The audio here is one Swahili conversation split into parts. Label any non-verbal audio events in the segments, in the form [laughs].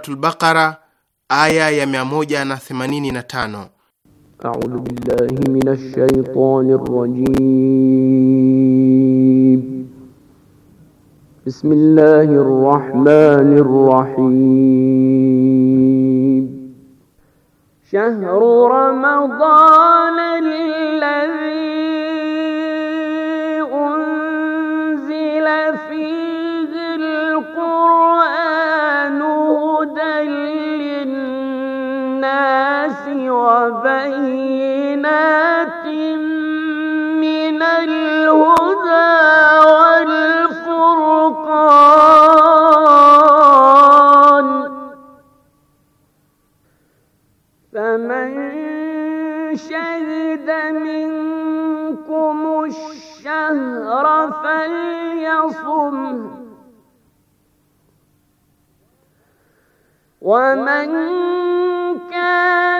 Suratul Baqara aya ya 185. A'udhu billahi minash shaitani rrajim. Bismillahir rahmanir rahim. Shahru ramadana alladhi وبينات من الهدى والفرقان فمن شهد منكم الشهر فليصم ومن كان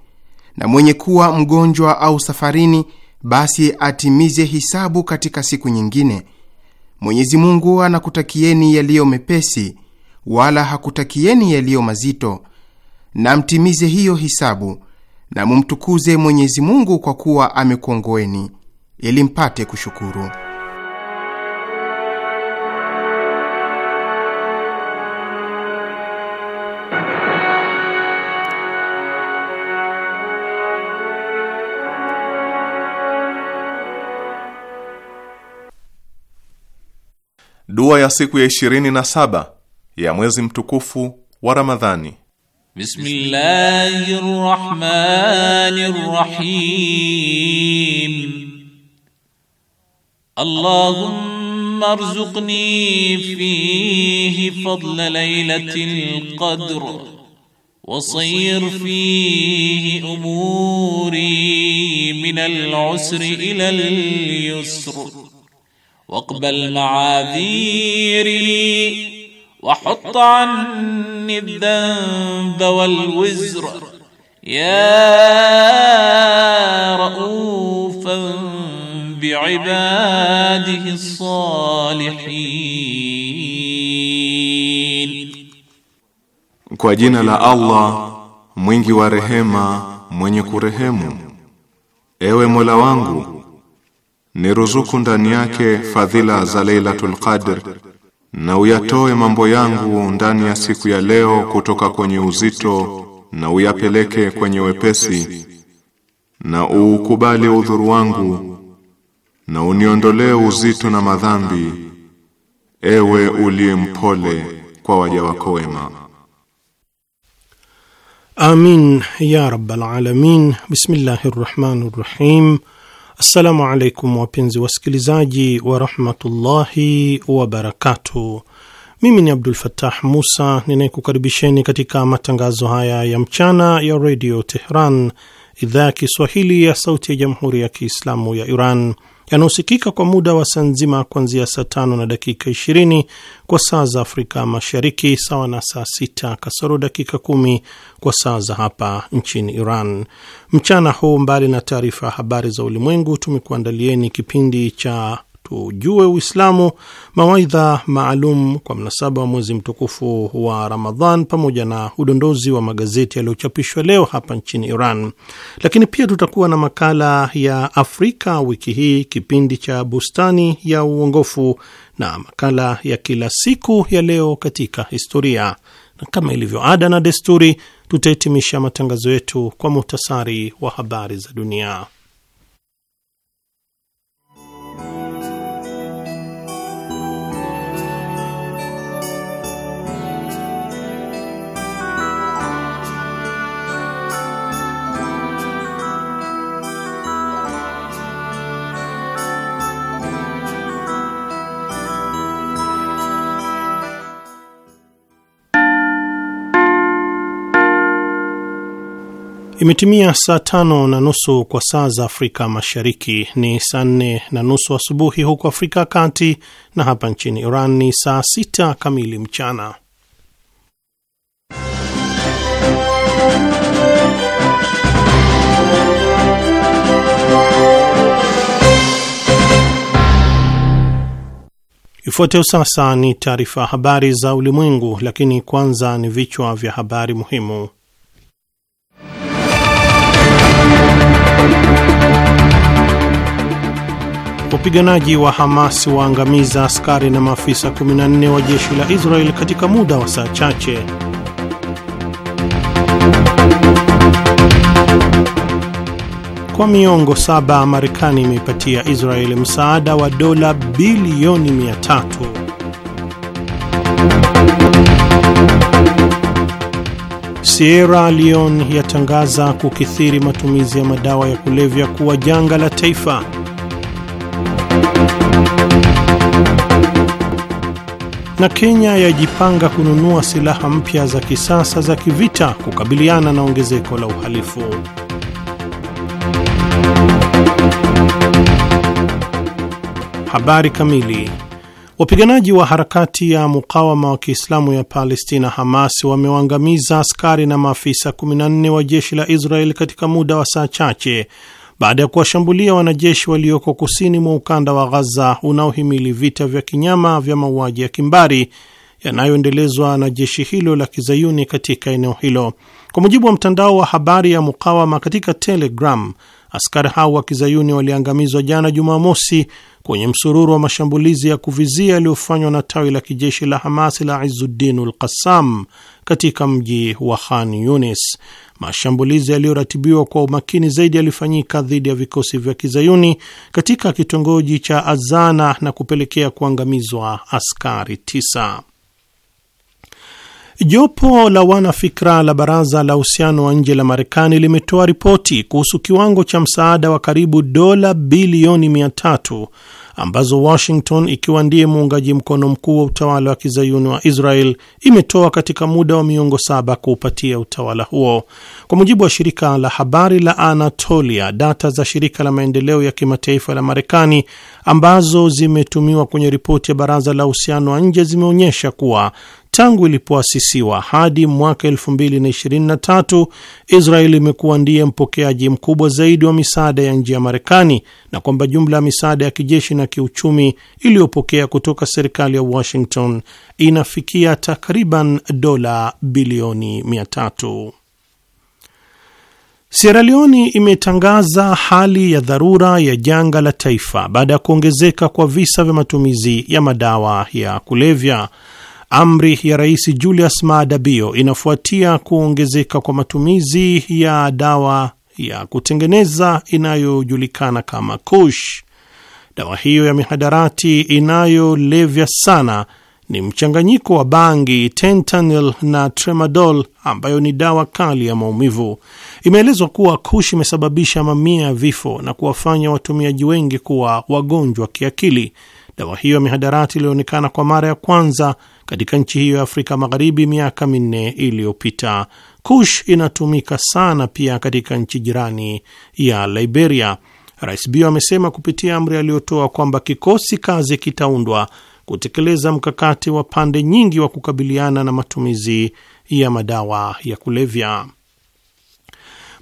na mwenye kuwa mgonjwa au safarini, basi atimize hisabu katika siku nyingine. Mwenyezi Mungu anakutakieni yaliyo mepesi, wala hakutakieni yaliyo mazito, na mtimize hiyo hisabu na mumtukuze Mwenyezi Mungu kwa kuwa amekuongoeni ili mpate kushukuru. Dua ya siku ya ishirini na saba ya mwezi mtukufu wa Ramadhani. Bismillahirrahmanirrahim. Allahumma arzuqni fihi fadla laylatil qadr wa sayr fihi umuri min al-usri ila al-yusr واقبل معاذيري وحط عني الذنب والوزر يا رؤوفا بعباده الصالحين Kwa jina la Allah mwingi wa rehema mwenye kurehemu Ewe Mola wangu ni ruzuku ndani yake fadhila za Lailatul Qadr na uyatoe mambo yangu ndani ya siku ya leo kutoka kwenye uzito na uyapeleke kwenye wepesi na uukubali udhuru wangu na uniondolee uzito na madhambi ewe uliye mpole kwa waja wako wema amin ya rabbal alamin bismillahir rahmanir rahim Assalamu alaikum wapenzi wasikilizaji warahmatullahi wabarakatuh. Mimi ni Abdul Fattah Musa ninayekukaribisheni katika matangazo haya ya mchana ya redio Tehran, idhaa ya Kiswahili ya sauti ya jamhuri ya Kiislamu ya Iran yanaosikika kwa muda wa saa nzima kuanzia saa tano na dakika ishirini kwa saa za Afrika Mashariki, sawa na saa sita kasoro dakika kumi kwa saa za hapa nchini Iran. Mchana huu, mbali na taarifa ya habari za ulimwengu, tumekuandalieni kipindi cha Tujue Uislamu, mawaidha maalum kwa mnasaba wa mwezi mtukufu wa Ramadhan, pamoja na udondozi wa magazeti yaliyochapishwa leo hapa nchini Iran. Lakini pia tutakuwa na makala ya Afrika wiki hii, kipindi cha bustani ya uongofu na makala ya kila siku ya leo katika historia, na kama ilivyo ada na desturi, tutahitimisha matangazo yetu kwa muhtasari wa habari za dunia. Imetimia saa tano na nusu kwa saa za Afrika Mashariki, ni saa nne na nusu asubuhi huku Afrika ya Kati, na hapa nchini Iran ni saa sita kamili mchana. Ifuatayo sasa ni taarifa habari za ulimwengu, lakini kwanza ni vichwa vya habari muhimu. Wapiganaji wa Hamas waangamiza askari na maafisa 14 wa jeshi la Israel katika muda wa saa chache. Kwa miongo saba Marekani imeipatia Israeli msaada wa dola bilioni 3 Sierra Leone yatangaza kukithiri matumizi ya madawa ya kulevya kuwa janga la taifa. na Kenya yajipanga kununua silaha mpya za kisasa za kivita kukabiliana na ongezeko la uhalifu. Habari kamili. Wapiganaji wa harakati ya mukawama wa Kiislamu ya Palestina, Hamas, wamewangamiza askari na maafisa 14 wa jeshi la Israel katika muda wa saa chache baada ya kuwashambulia wanajeshi walioko kusini mwa ukanda wa Ghaza unaohimili vita vya kinyama vya mauaji ya kimbari yanayoendelezwa na jeshi hilo la kizayuni katika eneo hilo. Kwa mujibu wa mtandao wa habari ya Mukawama katika Telegram, askari hao wa kizayuni waliangamizwa jana Jumamosi kwenye msururu wa mashambulizi ya kuvizia yaliyofanywa na tawi la kijeshi la Hamas la Izuddin ul Qassam katika mji wa Khan Yunis. Mashambulizi yaliyoratibiwa kwa umakini zaidi yalifanyika dhidi ya vikosi vya kizayuni katika kitongoji cha Azana na kupelekea kuangamizwa askari tisa. Jopo la wanafikra la baraza la uhusiano wa nje la Marekani limetoa ripoti kuhusu kiwango cha msaada wa karibu dola bilioni mia tatu ambazo Washington ikiwa ndiye muungaji mkono mkuu wa utawala wa kizayuni wa Israel imetoa katika muda wa miongo saba kuupatia utawala huo. Kwa mujibu wa shirika la habari la Anatolia, data za shirika la maendeleo ya kimataifa la Marekani ambazo zimetumiwa kwenye ripoti ya baraza la uhusiano wa nje zimeonyesha kuwa Tangu ilipoasisiwa hadi mwaka 2023 Israeli imekuwa ndiye mpokeaji mkubwa zaidi wa misaada ya nje ya Marekani, na kwamba jumla ya misaada ya kijeshi na kiuchumi iliyopokea kutoka serikali ya Washington inafikia takriban dola bilioni 300. Sierra Leone imetangaza hali ya dharura ya janga la taifa baada ya kuongezeka kwa visa vya matumizi ya madawa ya kulevya. Amri ya Rais Julius Maada Bio inafuatia kuongezeka kwa matumizi ya dawa ya kutengeneza inayojulikana kama Kush. Dawa hiyo ya mihadarati inayolevya sana ni mchanganyiko wa bangi, Tentanil na Tremadol, ambayo ni dawa kali ya maumivu. Imeelezwa kuwa Kush imesababisha mamia ya vifo na kuwafanya watumiaji wengi kuwa wagonjwa kiakili. Dawa hiyo ya mihadarati ilionekana kwa mara ya kwanza katika nchi hiyo ya Afrika Magharibi miaka minne iliyopita. Kush inatumika sana pia katika nchi jirani ya Liberia. Rais Bio amesema kupitia amri aliyotoa kwamba kikosi kazi kitaundwa kutekeleza mkakati wa pande nyingi wa kukabiliana na matumizi ya madawa ya kulevya.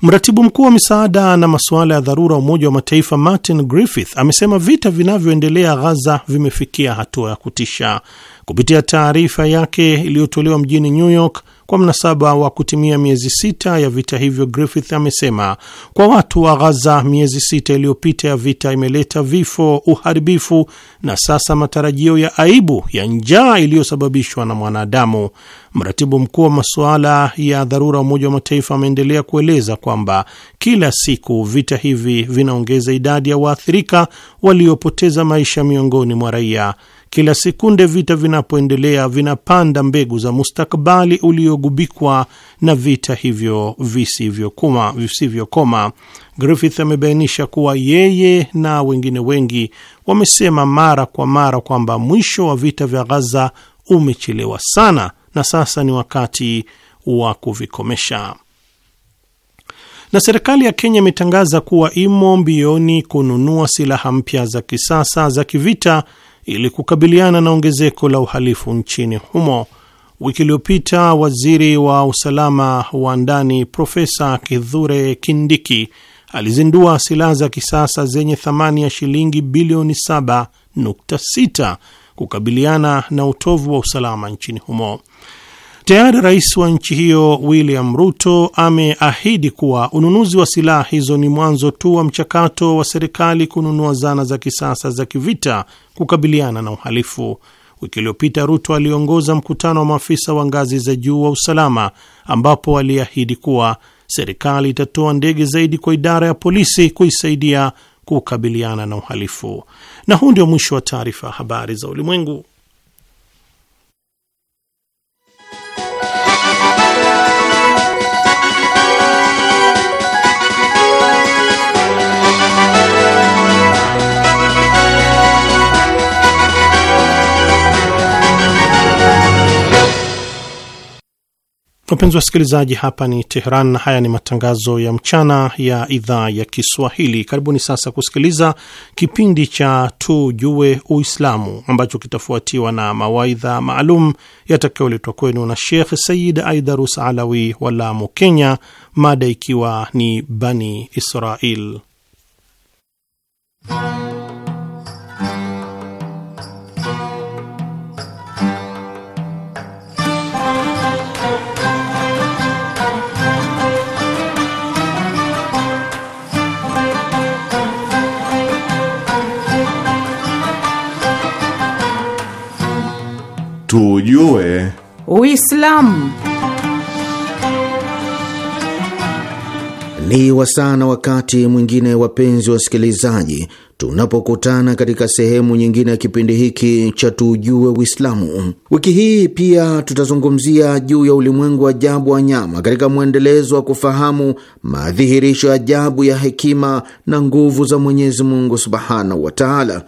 Mratibu mkuu wa misaada na masuala ya dharura Umoja wa Mataifa Martin Griffith amesema vita vinavyoendelea Ghaza vimefikia hatua ya kutisha kupitia taarifa yake iliyotolewa mjini New York kwa mnasaba wa kutimia miezi sita ya vita hivyo, Griffith amesema kwa watu wa Ghaza, miezi sita iliyopita ya vita imeleta vifo, uharibifu na sasa matarajio ya aibu ya njaa iliyosababishwa na mwanadamu. Mratibu mkuu wa masuala ya dharura Umoja wa Mataifa ameendelea kueleza kwamba kila siku vita hivi vinaongeza idadi ya waathirika waliopoteza maisha miongoni mwa raia. Kila sekunde vita vinapoendelea vinapanda mbegu za mustakabali uliogubikwa na vita hivyo visivyokoma visivyokoma. Griffith amebainisha kuwa yeye na wengine wengi wamesema mara kwa mara kwamba mwisho wa vita vya Ghaza umechelewa sana na sasa ni wakati wa kuvikomesha. Na serikali ya Kenya imetangaza kuwa imo mbioni kununua silaha mpya za kisasa za kivita ili kukabiliana na ongezeko la uhalifu nchini humo. Wiki iliyopita waziri wa usalama wa ndani Profesa Kithure Kindiki alizindua silaha za kisasa zenye thamani ya shilingi bilioni 7.6 kukabiliana na utovu wa usalama nchini humo. Tayari rais wa nchi hiyo William Ruto ameahidi kuwa ununuzi wa silaha hizo ni mwanzo tu wa mchakato wa serikali kununua zana za kisasa za kivita kukabiliana na uhalifu. Wiki iliyopita Ruto aliongoza mkutano wa maafisa wa ngazi za juu wa usalama, ambapo aliahidi kuwa serikali itatoa ndege zaidi kwa idara ya polisi kuisaidia kukabiliana na uhalifu. Na huu ndio mwisho wa taarifa ya habari za ulimwengu. Wapenzi wasikilizaji, hapa ni Tehran na haya ni matangazo ya mchana ya idhaa ya Kiswahili. Karibuni sasa kusikiliza kipindi cha Tujue Uislamu ambacho kitafuatiwa na mawaidha maalum yatakayoletwa kwenu na Shekh Sayid Aidarus Alawi wa Lamu, Kenya, mada ikiwa ni Bani Israil. tujue Uislamu ni wasana. Wakati mwingine, wapenzi wasikilizaji, tunapokutana katika sehemu nyingine ya kipindi hiki cha tujue Uislamu. Wiki hii pia tutazungumzia juu ya ulimwengu wa ajabu wa nyama katika mwendelezo wa kufahamu madhihirisho ajabu ya hekima na nguvu za Mwenyezi Mungu subhanahu wa taala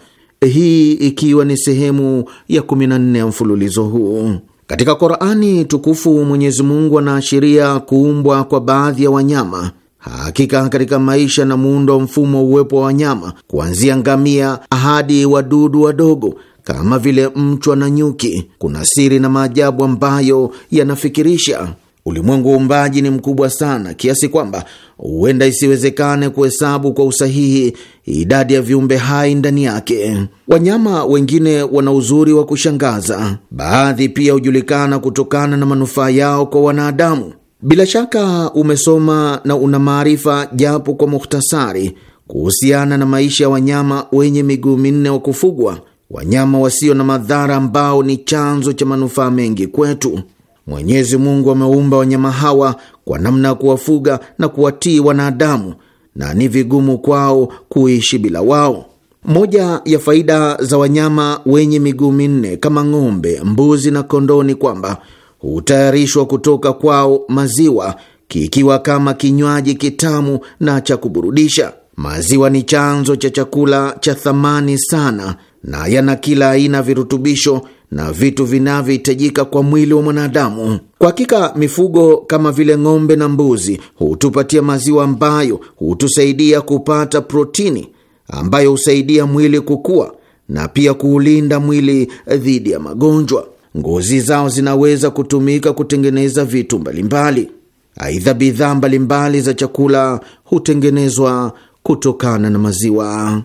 hii ikiwa ni sehemu ya 14 ya mfululizo huu. Katika Korani tukufu Mwenyezi Mungu anaashiria kuumbwa kwa baadhi ya wanyama. Hakika katika maisha na muundo wa mfumo wa uwepo wa wanyama, kuanzia ngamia hadi wadudu wadogo kama vile mchwa na nyuki, kuna siri na maajabu ambayo yanafikirisha. Ulimwengu wa umbaji ni mkubwa sana kiasi kwamba huenda isiwezekane kuhesabu kwa usahihi idadi ya viumbe hai ndani yake. Wanyama wengine wana uzuri wa kushangaza, baadhi pia hujulikana kutokana na manufaa yao kwa wanadamu. Bila shaka umesoma na una maarifa japo kwa muhtasari kuhusiana na maisha ya wanyama wenye miguu minne wa kufugwa, wanyama wasio na madhara ambao ni chanzo cha manufaa mengi kwetu. Mwenyezi Mungu ameumba wanyama hawa kwa namna ya kuwafuga na kuwatii wanadamu, na ni vigumu kwao kuishi bila wao. Moja ya faida za wanyama wenye miguu minne kama ng'ombe, mbuzi na kondoo ni kwamba hutayarishwa kutoka kwao maziwa kikiwa kama kinywaji kitamu na cha kuburudisha. Maziwa ni chanzo cha chakula cha thamani sana na yana kila aina virutubisho na vitu vinavyohitajika kwa mwili wa mwanadamu. Kwa hakika mifugo kama vile ng'ombe na mbuzi hutupatia maziwa ambayo hutusaidia kupata protini ambayo husaidia mwili kukua na pia kuulinda mwili dhidi ya magonjwa. Ngozi zao zinaweza kutumika kutengeneza vitu mbalimbali. Aidha, bidhaa mbalimbali za chakula hutengenezwa kutokana na maziwa.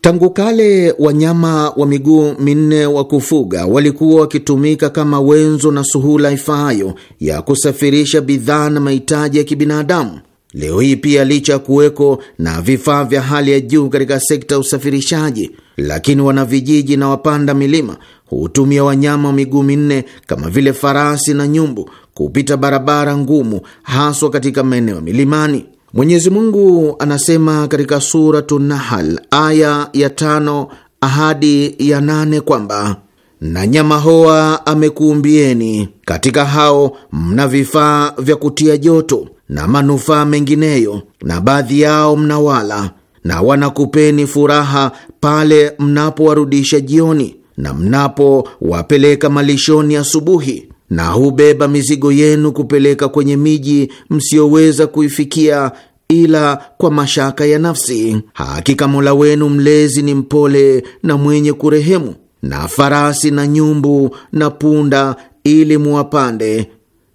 Tangu kale wanyama wa miguu minne wa kufuga walikuwa wakitumika kama wenzo na suhula ifaayo ya kusafirisha bidhaa na mahitaji ya kibinadamu. Leo hii pia, licha ya kuweko na vifaa vya hali ya juu katika sekta ya usafirishaji, lakini wanavijiji na wapanda milima hutumia wanyama wa miguu minne kama vile farasi na nyumbu kupita barabara ngumu, haswa katika maeneo milimani. Mwenyezi Mungu anasema katika Suratu Nahal aya ya tano ahadi ya nane kwamba na nyama hoa amekuumbieni, katika hao mna vifaa vya kutia joto na manufaa mengineyo, na baadhi yao mnawala, na wanakupeni furaha pale mnapowarudisha jioni na mnapowapeleka malishoni asubuhi na hubeba mizigo yenu kupeleka kwenye miji msiyoweza kuifikia ila kwa mashaka ya nafsi. Hakika Mola wenu mlezi ni mpole na mwenye kurehemu, na farasi na nyumbu na punda ili muwapande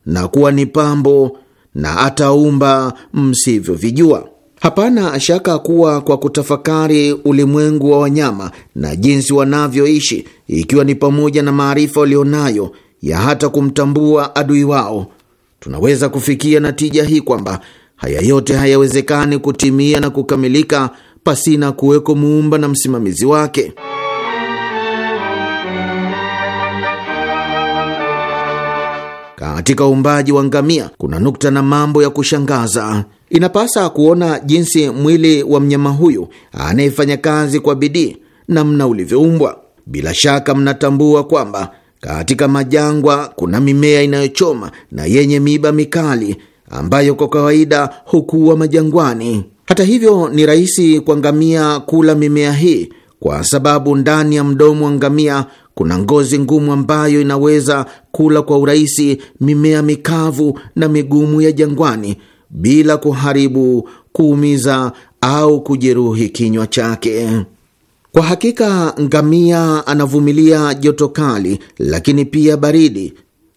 na kuwa ni pambo, na ataumba msivyovijua. Hapana shaka kuwa kwa kutafakari ulimwengu wa wanyama na jinsi wanavyoishi, ikiwa ni pamoja na maarifa walionayo ya hata kumtambua adui wao. Tunaweza kufikia natija hii kwamba haya yote hayawezekani kutimia na kukamilika pasina kuweko muumba na msimamizi wake. Katika uumbaji wa ngamia kuna nukta na mambo ya kushangaza. Inapasa kuona jinsi mwili wa mnyama huyu anayefanya kazi kwa bidii, namna ulivyoumbwa. Bila shaka mnatambua kwamba katika majangwa kuna mimea inayochoma na yenye miiba mikali ambayo kwa kawaida hukuwa majangwani. Hata hivyo, ni rahisi kwa ngamia kula mimea hii kwa sababu ndani ya mdomo wa ngamia kuna ngozi ngumu ambayo inaweza kula kwa urahisi mimea mikavu na migumu ya jangwani bila kuharibu, kuumiza au kujeruhi kinywa chake. Kwa hakika ngamia anavumilia joto kali, lakini pia baridi.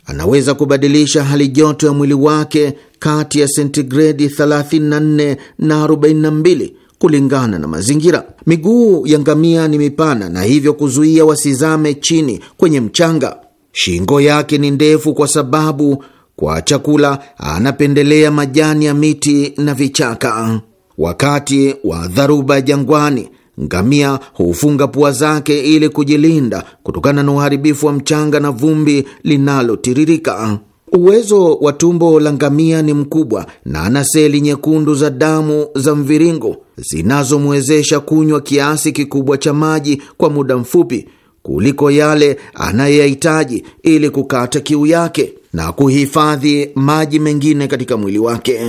Anaweza kubadilisha hali joto ya mwili wake kati ya sentigredi 34 na 42 kulingana na mazingira. Miguu ya ngamia ni mipana na hivyo kuzuia wasizame chini kwenye mchanga. Shingo yake ni ndefu kwa sababu kwa chakula anapendelea majani ya miti na vichaka. Wakati wa dharuba jangwani, Ngamia hufunga pua zake ili kujilinda kutokana na uharibifu wa mchanga na vumbi linalotiririka. Uwezo wa tumbo la ngamia ni mkubwa na ana seli nyekundu za damu za mviringo zinazomwezesha kunywa kiasi kikubwa cha maji kwa muda mfupi kuliko yale anayeyahitaji ili kukata kiu yake na kuhifadhi maji mengine katika mwili wake.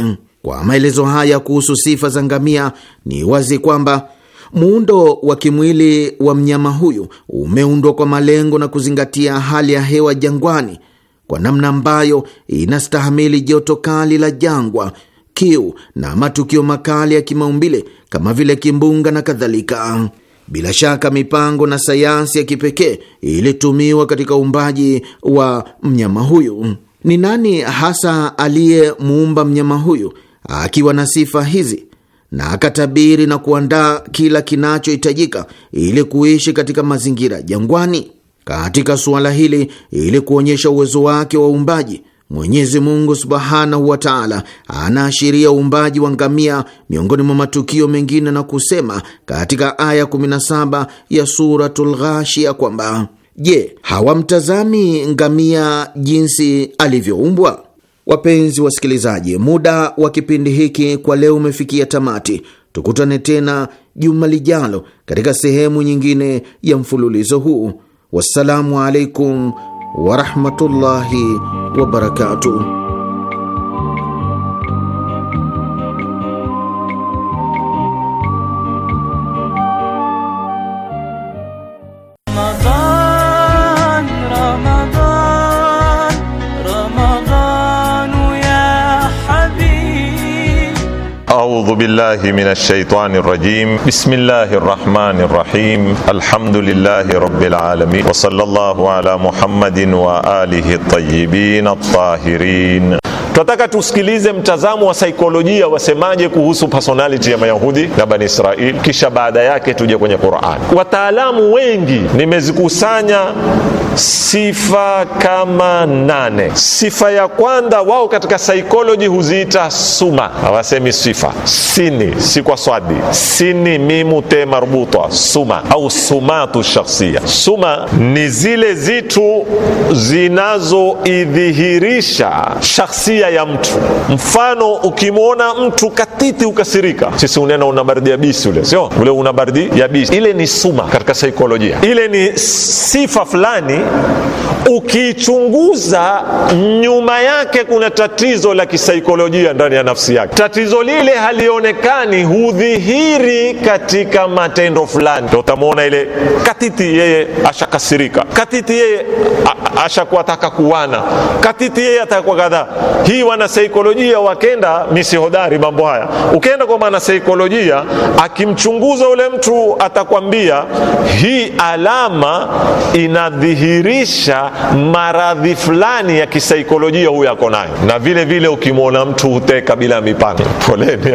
Kwa maelezo haya kuhusu sifa za ngamia, ni wazi kwamba Muundo wa kimwili wa mnyama huyu umeundwa kwa malengo na kuzingatia hali ya hewa jangwani kwa namna ambayo inastahamili joto kali la jangwa, kiu na matukio makali ya kimaumbile kama vile kimbunga na kadhalika. Bila shaka mipango na sayansi ya kipekee ilitumiwa katika uumbaji wa mnyama huyu. Ni nani hasa aliyemuumba mnyama huyu akiwa na sifa hizi na akatabiri na kuandaa kila kinachohitajika ili kuishi katika mazingira jangwani. Katika suala hili, ili kuonyesha uwezo wake wa uumbaji, Mwenyezi Mungu subhanahu wa taala anaashiria uumbaji wa ngamia miongoni mwa matukio mengine na kusema katika aya 17 ya Suratul Ghashia kwamba Je, hawamtazami ngamia jinsi alivyoumbwa? Wapenzi wasikilizaji, muda wa kipindi hiki kwa leo umefikia tamati. Tukutane tena juma lijalo katika sehemu nyingine ya mfululizo huu. Wassalamu alaikum warahmatullahi wabarakatuh. أعوذ بالله من الشيطان الرجيم بسم الله الرحمن الرحيم الحمد لله رب العالمين وصلى الله على محمد وآله الطيبين الطاهرين Tunataka tusikilize mtazamo wa saikolojia wasemaje kuhusu personality ya Mayahudi na Bani Israeli, kisha baada yake tuje kwenye Qur'an. Wataalamu wengi nimezikusanya sifa kama nane. Sifa ya kwanza wao katika psychology huziita suma, hawasemi sifa. Sini si kwa swadi, sini mimu te marbutwa, suma au sumatu shakhsia. Suma ni zile zitu zinazoidhihirisha shakhsia ya mtu. Mfano, ukimwona mtu katiti ukasirika, sisi unena una baridi ya bisi, ule sio ule una baridi ya bisi, ile ni suma katika saikolojia, ile ni sifa fulani ukiichunguza nyuma yake kuna tatizo la kisaikolojia ndani ya nafsi yake. Tatizo lile halionekani, hudhihiri katika matendo fulani. Utamwona ile katiti, yeye ashakasirika, katiti yeye ashakuwa taka kuwana, katiti yeye atakuwa kadhaa. Hii wanasaikolojia wakenda misi hodari mambo haya. Ukienda kwa mwanasaikolojia akimchunguza ule mtu atakwambia hii alama inadhihiri kudhihirisha maradhi fulani ya kisaikolojia huyo ako nayo. Na vile vile ukimwona mtu huteka bila mipango, poleni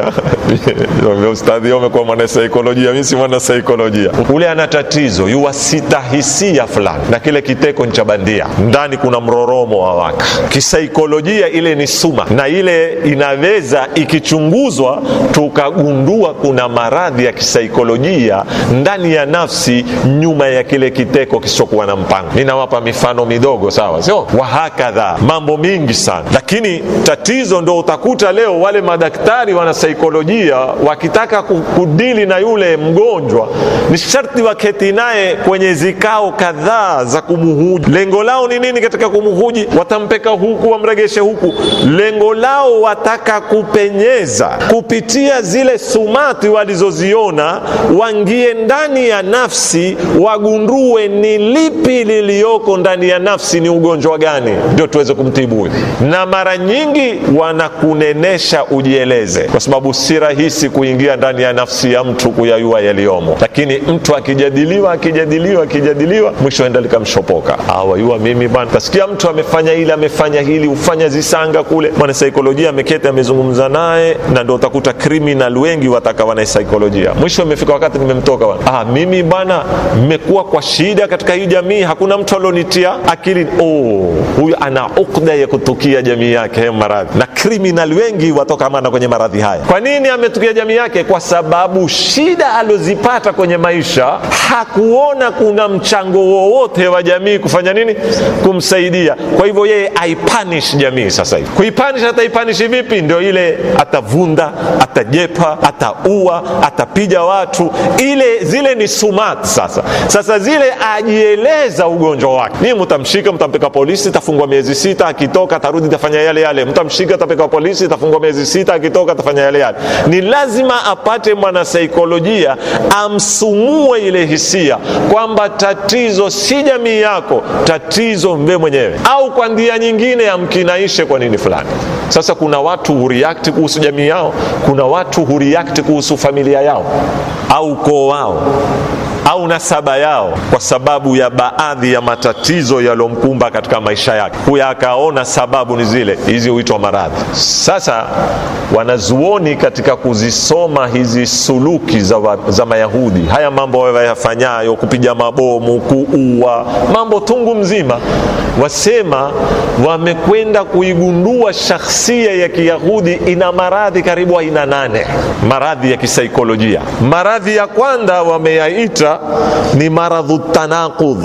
[laughs] ustadhi, umekuwa mwanasaikolojia, mimi si mwanasaikolojia. Ule ana tatizo yuwasita hisia fulani, na kile kiteko ni cha bandia, ndani kuna mroromo wa waka. Kisaikolojia ile ni suma, na ile inaweza ikichunguzwa tukagundua kuna maradhi ya kisaikolojia ndani ya nafsi, nyuma ya kile kiteko kisichokuwa na mpango ninawapa mifano midogo, sawa sio? Wahakadha, mambo mingi sana, lakini tatizo ndo utakuta leo wale madaktari wana saikolojia wakitaka kudili na yule mgonjwa ni sharti waketi naye kwenye zikao kadhaa za kumuhuji. Lengo lao ni nini katika kumuhuji? Watampeka huku, wamregeshe huku, lengo lao wataka kupenyeza kupitia zile sumati walizoziona, wangie ndani ya nafsi, wagundue ni lipi lili iliyoko ndani ya nafsi ni ugonjwa gani, ndio tuweze kumtibu huyu. Na mara nyingi wanakunenesha ujieleze, kwa sababu si rahisi kuingia ndani ya nafsi ya mtu kuyayua yaliyomo, lakini mtu akijadiliwa akijadiliwa akijadiliwa, mwisho enda likamshopoka awayua, ah, mimi bana, kasikia mtu amefanya hili amefanya hili, ufanya zisanga kule, saikolojia ameketi amezungumza naye, na ndo utakuta kriminal wengi wataka saikolojia, Mwisho imefika wakati nimemtoka bana ah, mimi bana, mmekuwa kwa shida katika hii jamii, hakuna mtu alionitia akili oh, huyu ana ukda ya kutukia jamii yake hayo maradhi, na criminal wengi watokamana kwenye maradhi haya. Kwa nini ametukia jamii yake? Kwa sababu shida aliozipata kwenye maisha hakuona kuna mchango wowote wa jamii kufanya nini, kumsaidia. Kwa hivyo yeye aipanish jamii. Sasa hivi kuipanish, ataipanishi vipi? Ndio ile atavunda, atajepa, ataua, atapija watu, ile zile ni sumat. Sasa sasa zile ajieleza ugo ugonjwa wake. Ninyi mtamshika, mtampeka polisi, tafungwa miezi sita, akitoka atarudi, tafanya yale yale. Mtamshika, tapeka polisi, tafungwa miezi sita, akitoka tafanya yale yale. Ni lazima apate mwanasaikolojia amsumue ile hisia kwamba tatizo si jamii yako, tatizo mbe mwenyewe, au kwa ndia nyingine amkinaishe kwa nini fulani. Sasa kuna watu hureact kuhusu jamii yao, kuna watu hureact kuhusu familia yao au ukoo wao au nasaba yao, kwa sababu ya baadhi ya matatizo yaliyomkumba katika maisha yake, huyo akaona sababu ni zile hizi, huitwa maradhi. Sasa wanazuoni katika kuzisoma hizi suluki za, wa, za Mayahudi, haya mambo wayafanyayo, kupiga mabomu, kuua, mambo tungu mzima, wasema wamekwenda kuigundua shakhsia ya Kiyahudi ina maradhi karibu aina nane, maradhi ya kisaikolojia. Maradhi ya kwanza wameyaita ni maradhu tanaqudh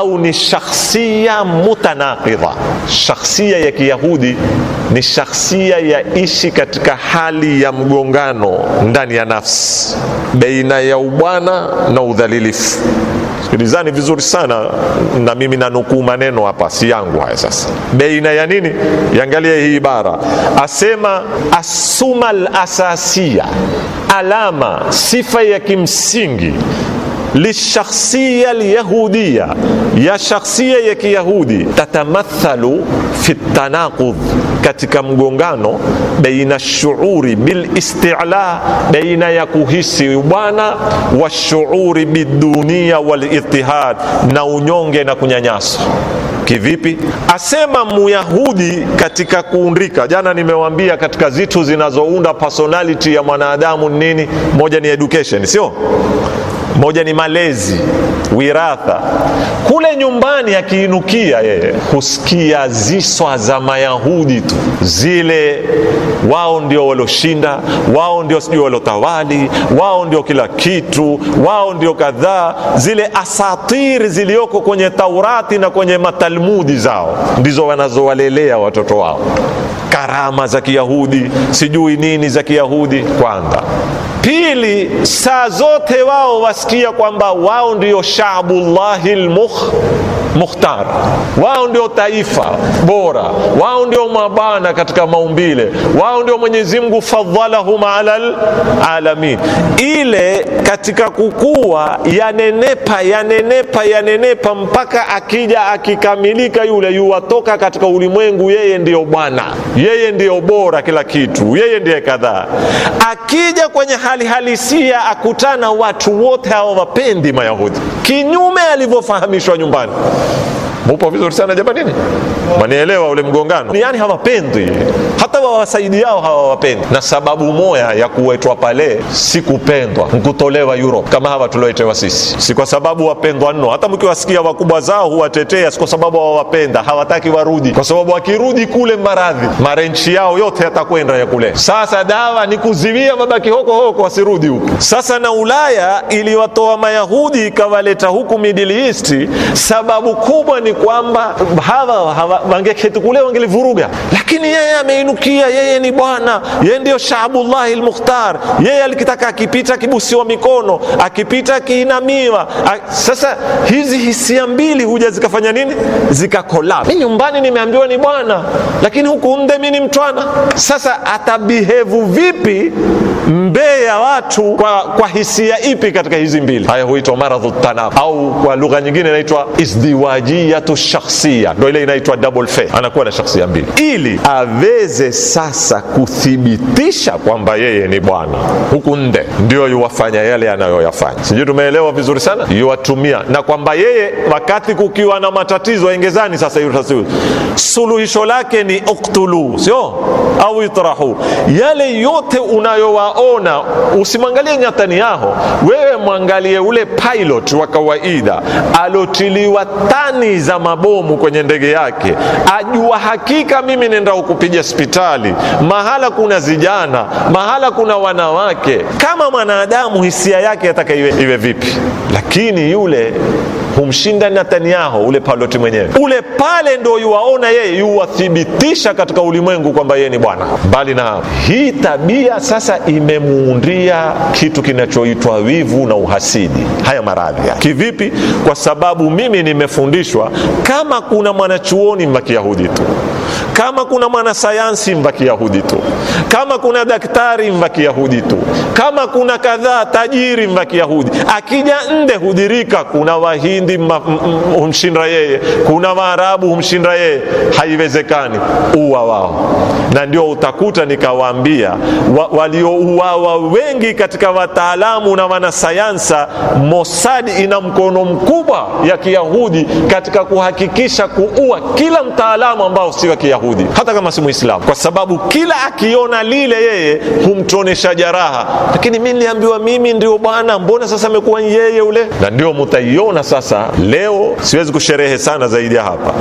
au ni shakhsia mutanaqidha. Shakhsia ya Kiyahudi ni shakhsia ya ishi katika hali ya mgongano ndani ya nafsi baina ya ubwana na udhalilifu. Sikilizani vizuri sana, na mimi nanukuu maneno hapa, si yangu haya. Sasa baina ya nini? Yangalia hii ibara, asema asuma lasasia asasiya, alama sifa ya kimsingi lishakhsia lyahudia ya shakhsia ya Kiyahudi, tatamathalu fi tanaqudh, katika mgongano baina shuuri bil istila, baina ya kuhisi bwana wa shuuri bidunia walitihad na unyonge na kunyanyaswa. Kivipi? Asema myahudi katika kuundika. Jana nimewambia katika zitu zinazounda personality ya mwanadamu nini? Moja ni education, sio? moja ni malezi, wiratha. Kule nyumbani akiinukia yeye husikia ziswa za Mayahudi tu, zile wao ndio walioshinda wao ndio sijui walotawali, wao ndio kila kitu, wao ndio kadhaa. Zile asatiri zilioko kwenye Taurati na kwenye matalmudi zao ndizo wanazowalelea watoto wao, karama za Kiyahudi, sijui nini za Kiyahudi. Kwanza Pili, saa zote wao wasikia kwamba wao ndio shaabullahi lmukh mukhtar wao ndio taifa bora, wao ndio mabana katika maumbile, wao ndio Mwenyezi Mungu fadhalahum ala alamin. Ile katika kukua yanenepa yanenepa yanenepa, mpaka akija akikamilika yule, yuwatoka katika ulimwengu, yeye ndiyo bwana, yeye ndiyo bora, kila kitu, yeye ndiye kadhaa. Akija kwenye hali hali halisia akutana watu wote hawa wapendi Mayahudi, kinyume alivyofahamishwa nyumbani. Mupo vizuri sana jamanini, manielewa ule mgongano, yani hawapendi hata yao hawawapendi. Na sababu moya ya kuwetwa pale si kupendwa, nkutolewa Europe kama hawa tulioetewa sisi, si kwa sababu wapendwa nno. Hata mkiwasikia wakubwa zao huwatetea, si kwa sababu hawawapenda, hawataki warudi, kwa sababu wakirudi kule maradhi marenchi yao yote yatakwenda ya kule. Sasa dawa ni kuziwia mabaki hoko hoko wasirudi huku. Sasa na Ulaya iliwatoa Mayahudi ikawaleta huku Middle East, sababu kubwa ni kwamba hawa, hawa wangeketi kule wangelivuruga, lakini yeye ame kuinukia yeye ni bwana, yeye ndiyo Shaabullahi lmukhtar Yeye alikitaka akipita akibusiwa mikono, akipita akiinamiwa. Sasa hizi hisia mbili huja zikafanya nini, zikakola. Mimi nyumbani nimeambiwa ni bwana, lakini huku nde mi ni mtwana. Sasa atabihevu vipi ya watu kwa, kwa hisia ipi katika hizi mbili? Haya huitwa maradhu tanaf, au kwa lugha nyingine inaitwa izdiwajiyatu shakhsia, ndo ile inaitwa double fe, anakuwa na shakhsia mbili, ili aweze sasa kuthibitisha kwamba yeye ni bwana huku nde, ndio yuwafanya yale anayoyafanya. Sijui tumeelewa vizuri sana, yuwatumia na kwamba yeye wakati kukiwa na matatizo engezani, sasa suluhisho lake ni uktulu, sio au itrahu, yale yote unayowa unaona, usimwangalie Netanyahu, wewe mwangalie ule pilot wa kawaida alotiliwa tani za mabomu kwenye ndege yake, ajua hakika mimi nenda kupiga hospitali, mahala kuna zijana, mahala kuna wanawake. Kama mwanadamu hisia yake ataka iwe, iwe vipi? Lakini yule humshinda Netanyahu ule Paloti mwenyewe ule pale, ndo yuwaona yeye, yuwathibitisha katika ulimwengu kwamba yeye ni bwana. Mbali na hii tabia sasa, imemuundia kitu kinachoitwa wivu na uhasidi, haya maradhi ya kivipi? Kwa sababu mimi nimefundishwa, kama kuna mwanachuoni ma Kiyahudi tu kama kuna mwanasayansi mbaki Yahudi tu, kama kuna daktari mbaki Yahudi tu, kama kuna kadhaa tajiri mbaki Yahudi. Akija nde hudirika, kuna wahindi humshinda yeye, kuna waarabu humshinda yeye, haiwezekani. Uwa wao, na ndio utakuta nikawaambia, wa, waliouawa wengi katika wataalamu na wanasayansa, mosadi ina mkono mkubwa ya Kiyahudi katika kuhakikisha kuua kila mtaalamu ambao si wa Kiyahudi. Myahudi hata kama si Muislamu, kwa sababu kila akiona lile yeye humtonesha jaraha. Lakini mi niambiwa mimi ndio bwana, mbona sasa amekuwa yeye ule? Na ndio mutaiona sasa. Leo siwezi kusherehe sana zaidi ya hapa.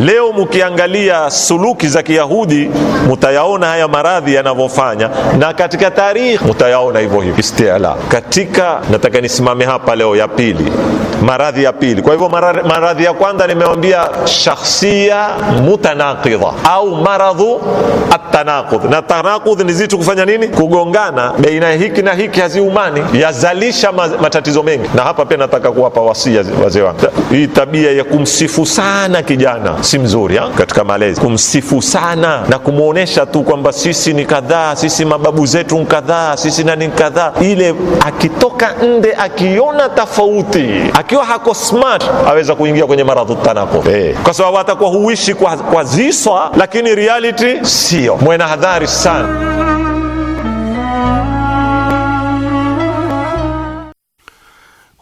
Leo mukiangalia suluki za Kiyahudi mutayaona haya maradhi yanavyofanya, na katika tarikhi mutayaona hivyo hivyo istiala. Katika nataka nisimame hapa leo ya pili maradhi ya pili. Kwa hivyo maradhi ya kwanza nimewambia shakhsia mutanaqidha au maradhu atanaqudh, na tanaqudh ni zitu kufanya nini? Kugongana baina ya hiki na hiki, haziumani, yazalisha matatizo mengi. Na hapa pia nataka kuwapa wasia wazee wangu, hii tabia ya kumsifu sana kijana si mzuri ha? katika malezi kumsifu sana na kumwonyesha tu kwamba sisi ni kadhaa, sisi mababu zetu ni kadhaa, sisi nani kadhaa, ile akitoka nde akiona tofauti akiwa hako smart aweza kuingia kwenye maradhi tanako hey. Eh. kwa sababu atakuwa huishi kwa, kwa ziswa lakini reality sio mwena hadhari sana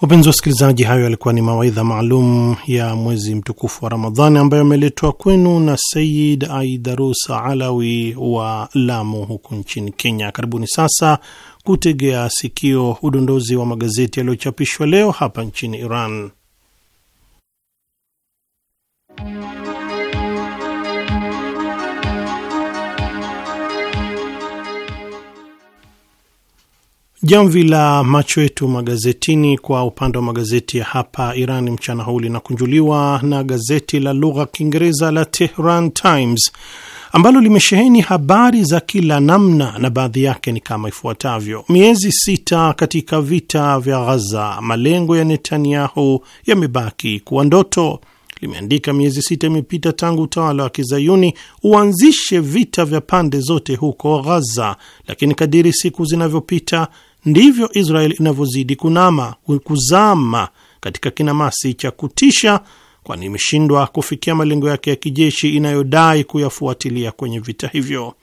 Wapenzi wasikilizaji, hayo yalikuwa ni mawaidha maalum ya mwezi mtukufu wa Ramadhani ambayo ameletwa kwenu na Sayid Aidarus Alawi wa Lamu huko nchini Kenya. Karibuni sasa kutegea sikio udondozi wa magazeti yaliyochapishwa leo hapa nchini Iran. Jamvi la macho yetu magazetini kwa upande wa magazeti ya hapa Iran mchana huu linakunjuliwa na gazeti la lugha Kiingereza la Tehran Times ambalo limesheheni habari za kila namna na baadhi yake ni kama ifuatavyo: miezi sita katika vita vya Ghaza, malengo ya Netanyahu yamebaki kuwa ndoto. Limeandika miezi sita imepita tangu utawala wa kizayuni uanzishe vita vya pande zote huko Ghaza, lakini kadiri siku zinavyopita ndivyo Israel inavyozidi kunama kuzama katika kinamasi cha kutisha kwani imeshindwa kufikia malengo yake ya kijeshi inayodai kuyafuatilia kwenye vita hivyo.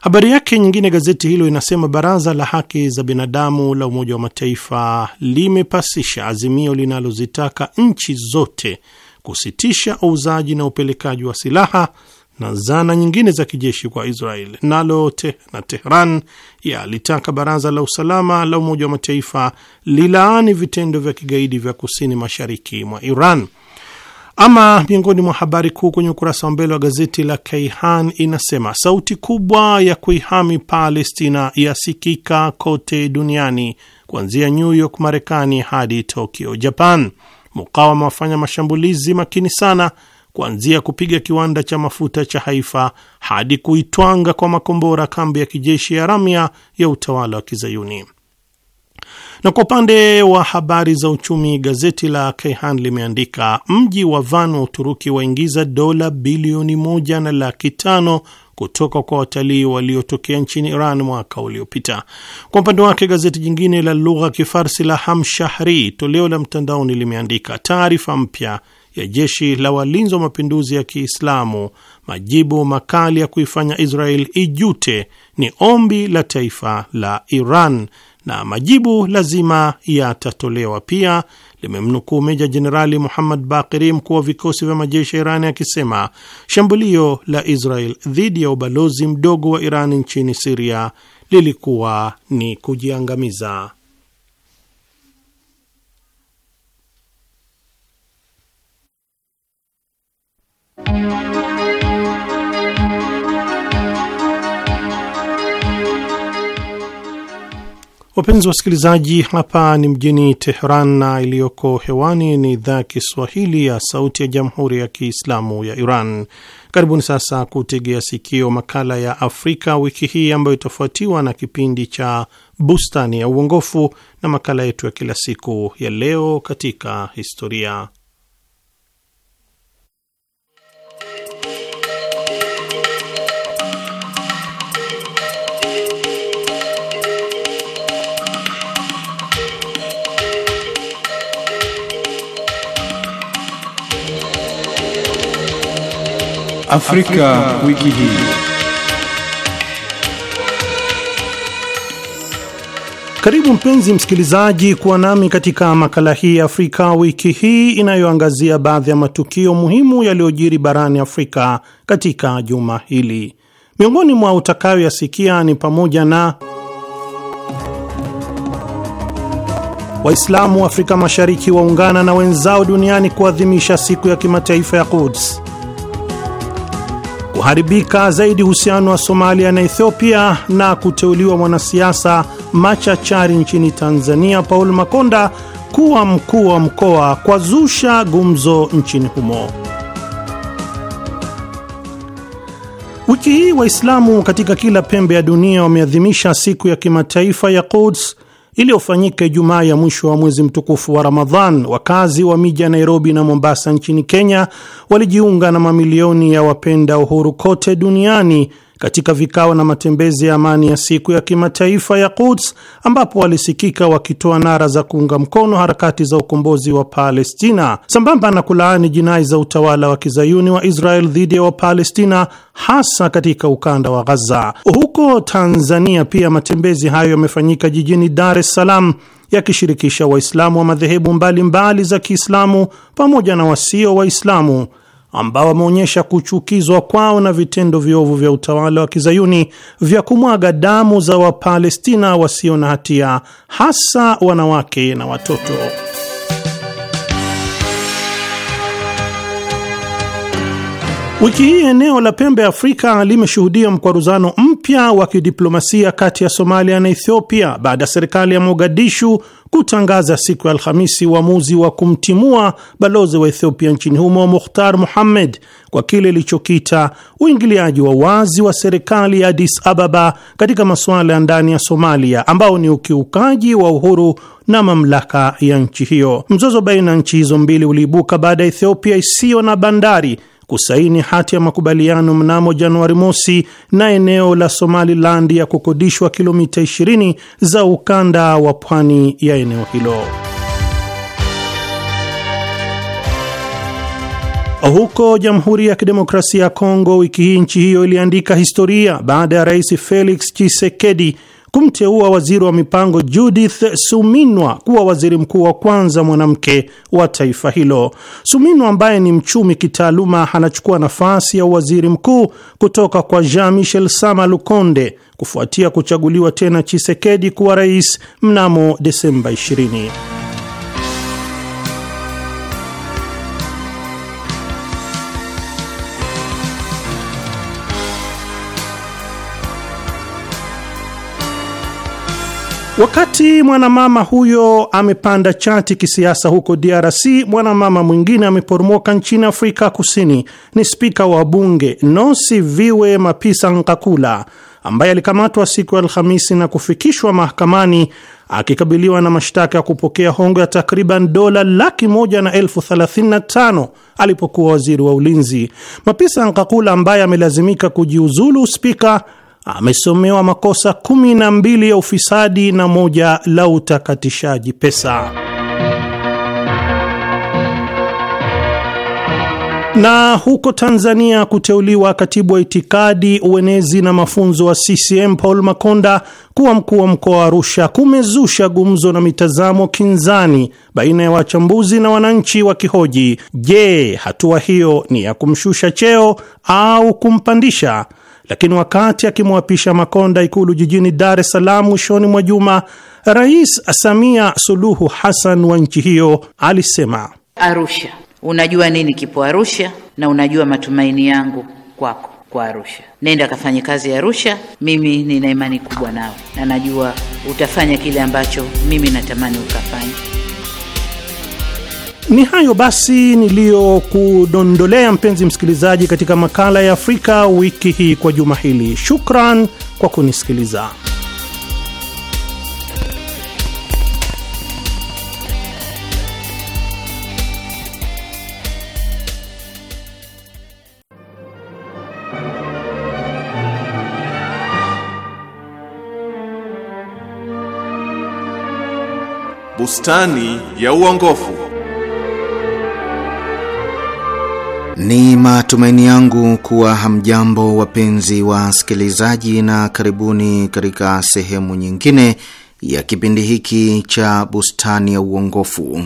Habari yake nyingine, gazeti hilo inasema baraza la haki za binadamu la Umoja wa Mataifa limepasisha azimio linalozitaka nchi zote kusitisha uuzaji na upelekaji wa silaha na zana nyingine za kijeshi kwa Israel. Nalo te, na Tehran yalitaka baraza la usalama la Umoja wa Mataifa lilaani vitendo vya kigaidi vya kusini mashariki mwa Iran. Ama miongoni mwa habari kuu kwenye ukurasa wa mbele wa gazeti la Kayhan inasema sauti kubwa ya kuihami Palestina yasikika kote duniani kuanzia New York Marekani hadi Tokyo Japan. Mukawama wafanya mashambulizi makini sana kuanzia kupiga kiwanda cha mafuta cha Haifa hadi kuitwanga kwa makombora kambi ya kijeshi ya Ramya ya utawala wa Kizayuni. Na kwa upande wa habari za uchumi, gazeti la Kehan limeandika mji wa Van wa Uturuki waingiza dola bilioni moja na laki tano kutoka kwa watalii waliotokea nchini Iran mwaka uliopita. Kwa upande wake, gazeti jingine la lugha Kifarsi la Hamshahri toleo la mtandaoni limeandika taarifa mpya ya jeshi la walinzi wa mapinduzi ya Kiislamu, majibu makali ya kuifanya Israel ijute ni ombi la taifa la Iran na majibu lazima yatatolewa. Pia limemnukuu Meja Jenerali Muhammad Bakiri, mkuu wa vikosi vya majeshi ya Irani, akisema shambulio la Israel dhidi ya ubalozi mdogo wa iran nchini Siria lilikuwa ni kujiangamiza. Wapenzi wa wasikilizaji, hapa ni mjini Teheran na iliyoko hewani ni idhaa ya Kiswahili ya Sauti ya Jamhuri ya Kiislamu ya Iran. Karibuni sasa kutegea sikio makala ya Afrika wiki hii ambayo itafuatiwa na kipindi cha Bustani ya Uongofu na makala yetu ya kila siku ya Leo katika Historia. Afrika, wiki hii. Karibu mpenzi msikilizaji kuwa nami katika makala hii ya Afrika wiki hii inayoangazia baadhi ya matukio muhimu yaliyojiri barani Afrika katika juma hili. Miongoni mwa utakayoyasikia ni pamoja na Waislamu Afrika Mashariki waungana na wenzao duniani kuadhimisha siku ya kimataifa ya Quds kuharibika zaidi uhusiano wa Somalia na Ethiopia na kuteuliwa mwanasiasa machachari nchini Tanzania Paul Makonda kuwa mkuu wa mkoa kwa zusha gumzo nchini humo. Wiki hii Waislamu katika kila pembe ya dunia wameadhimisha siku ya kimataifa ya Quds iliyofanyika Ijumaa ya mwisho wa mwezi mtukufu wa Ramadhan, wakazi wa miji ya Nairobi na Mombasa nchini Kenya walijiunga na mamilioni ya wapenda uhuru kote duniani katika vikao na matembezi ya amani ya siku ya kimataifa ya Quds ambapo walisikika wakitoa nara za kuunga mkono harakati za ukombozi wa Palestina sambamba na kulaani jinai za utawala wa kizayuni wa Israel dhidi ya Wapalestina hasa katika ukanda wa Gaza. Huko Tanzania pia matembezi hayo yamefanyika jijini Dar es Salaam yakishirikisha Waislamu wa, wa madhehebu mbalimbali za Kiislamu pamoja na wasio Waislamu ambao wameonyesha kuchukizwa kwao na vitendo viovu vya utawala wa kizayuni vya kumwaga damu za Wapalestina wasio na hatia, hasa wanawake na watoto. Wiki hii eneo la pembe Afrika limeshuhudia mkwaruzano mpya wa kidiplomasia kati ya Somalia na Ethiopia baada ya serikali ya Mogadishu kutangaza siku ya Alhamisi uamuzi wa, wa kumtimua balozi wa Ethiopia nchini humo Mukhtar Muhammed kwa kile ilichokita uingiliaji wa wazi wa serikali ya Addis Ababa katika masuala ya ndani ya Somalia ambao ni ukiukaji wa uhuru na mamlaka ya nchi hiyo. Mzozo baina ya nchi hizo mbili uliibuka baada ya Ethiopia isiyo na bandari kusaini hati ya makubaliano mnamo Januari mosi na eneo la Somaliland ya kukodishwa kilomita 20 za ukanda wa pwani ya eneo hilo. Huko Jamhuri ya Kidemokrasia ya Kongo, wiki hii nchi hiyo iliandika historia baada ya Rais Felix Tshisekedi kumteua waziri wa mipango Judith Suminwa kuwa waziri mkuu wa kwanza mwanamke wa taifa hilo. Suminwa ambaye ni mchumi kitaaluma, anachukua nafasi ya waziri mkuu kutoka kwa Jean Michel Sama Lukonde kufuatia kuchaguliwa tena Chisekedi kuwa rais mnamo Desemba 20. Wakati mwanamama huyo amepanda chati kisiasa huko DRC, mwanamama mwingine ameporomoka nchini Afrika Kusini. Ni spika wa bunge nosi viwe Mapisa Nkakula ambaye alikamatwa siku ya Alhamisi na kufikishwa mahakamani akikabiliwa na mashtaka ya kupokea hongo ya takriban dola laki moja na elfu thelathini na tano alipokuwa waziri wa ulinzi. Mapisa Nkakula ambaye amelazimika kujiuzulu spika amesomewa makosa kumi na mbili ya ufisadi na moja la utakatishaji pesa. Na huko Tanzania, kuteuliwa katibu wa itikadi, uenezi na mafunzo wa CCM Paul Makonda kuwa mkuu wa mkoa wa Arusha kumezusha gumzo na mitazamo kinzani baina ya wachambuzi na wananchi wakihoji, je, hatua hiyo ni ya kumshusha cheo au kumpandisha? Lakini wakati akimwapisha Makonda Ikulu jijini Dar es Salaam mwishoni mwa juma, Rais Samia Suluhu Hassan wa nchi hiyo alisema, Arusha, unajua nini kipo Arusha na unajua matumaini yangu kwako kwa Arusha. Nenda akafanye kazi ya Arusha, mimi nina imani kubwa nawe na najua utafanya kile ambacho mimi natamani ukafanye. Ni hayo basi niliyokudondolea mpenzi msikilizaji, katika makala ya Afrika wiki hii kwa juma hili. Shukran kwa kunisikiliza. Bustani ya Uongofu. Ni matumaini yangu kuwa hamjambo wapenzi wa sikilizaji, na karibuni katika sehemu nyingine ya kipindi hiki cha Bustani ya Uongofu.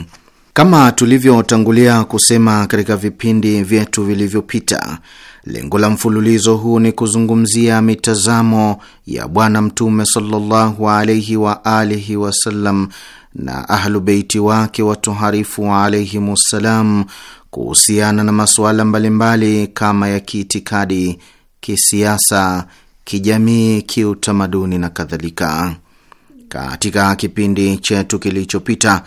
Kama tulivyotangulia kusema katika vipindi vyetu vilivyopita, lengo la mfululizo huu ni kuzungumzia mitazamo ya Bwana Mtume sallallahu alaihi wa alihi wasallam na Ahlubeiti wake watoharifu alaihim wassalam kuhusiana na masuala mbalimbali kama ya kiitikadi, kisiasa, kijamii, kiutamaduni na kadhalika. Katika kipindi chetu kilichopita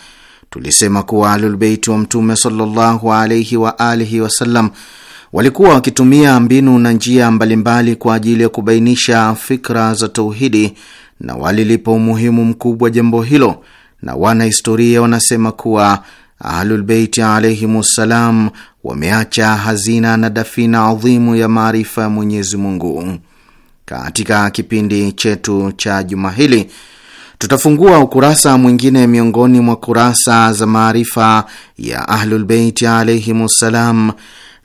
tulisema kuwa Ahlulbeiti wa Mtume sallallahu alaihi wa alihi wasallam walikuwa wakitumia mbinu na njia mbalimbali kwa ajili ya kubainisha fikra za tauhidi na walilipa umuhimu mkubwa jambo hilo, na wanahistoria wanasema kuwa Ahlulbeiti alaihimussalam wameacha hazina na dafina adhimu ya maarifa ya Mwenyezi Mungu. Katika kipindi chetu cha juma hili tutafungua ukurasa mwingine miongoni mwa kurasa za maarifa ya Ahlulbeiti alaihimussalam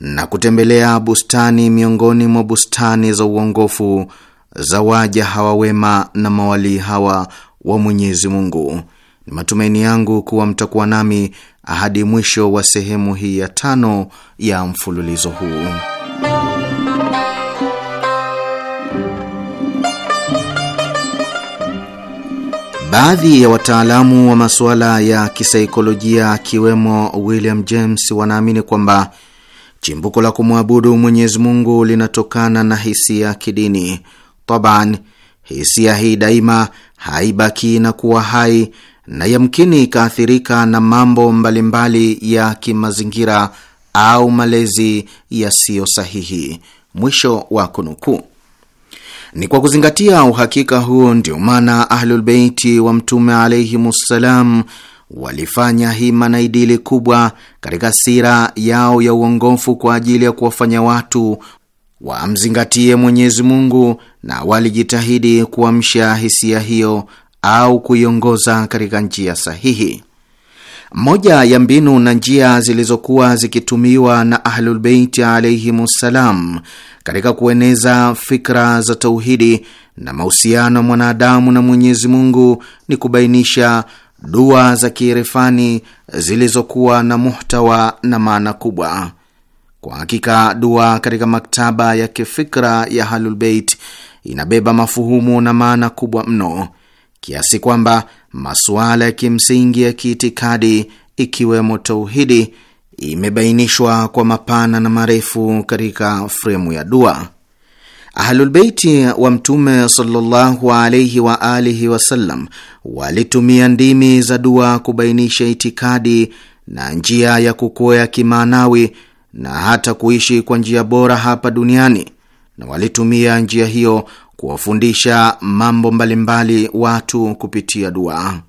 na kutembelea bustani miongoni mwa bustani za uongofu za waja hawa wema na mawalii hawa wa Mwenyezi Mungu. Ni matumaini yangu kuwa mtakuwa nami hadi mwisho wa sehemu hii ya tano ya mfululizo huu. Baadhi ya wataalamu wa masuala ya kisaikolojia akiwemo William James wanaamini kwamba chimbuko la kumwabudu Mwenyezi Mungu linatokana na hisia ya kidini. Taban, hisia hii daima haibaki na kuwa hai na yamkini ikaathirika na mambo mbalimbali ya kimazingira au malezi yasiyo sahihi. Mwisho wa kunukuu. Ni kwa kuzingatia uhakika huo ndio maana Ahlulbeiti wa Mtume alaihimussalam walifanya hima na idili kubwa katika sira yao ya uongofu kwa ajili ya kuwafanya watu wamzingatie Mwenyezi Mungu, na walijitahidi kuamsha hisia hiyo au kuiongoza katika njia sahihi. Moja ya mbinu na njia zilizokuwa zikitumiwa na Ahlulbeiti alaihimussalam katika kueneza fikra za tauhidi na mahusiano ya mwanadamu na Mwenyezi Mungu ni kubainisha dua za kiirifani zilizokuwa na muhtawa na maana kubwa. Kwa hakika dua katika maktaba ya kifikra ya Ahlulbeit inabeba mafuhumu na maana kubwa mno kiasi kwamba masuala ya kimsingi ya kiitikadi ikiwemo tauhidi imebainishwa kwa mapana na marefu katika fremu ya dua. Ahlulbeiti wa Mtume sallallahu alaihi wa alihi wasallam walitumia ndimi za dua kubainisha itikadi na njia ya kukoya kimaanawi na hata kuishi kwa njia bora hapa duniani, na walitumia njia hiyo kuwafundisha mambo mbalimbali watu kupitia dua.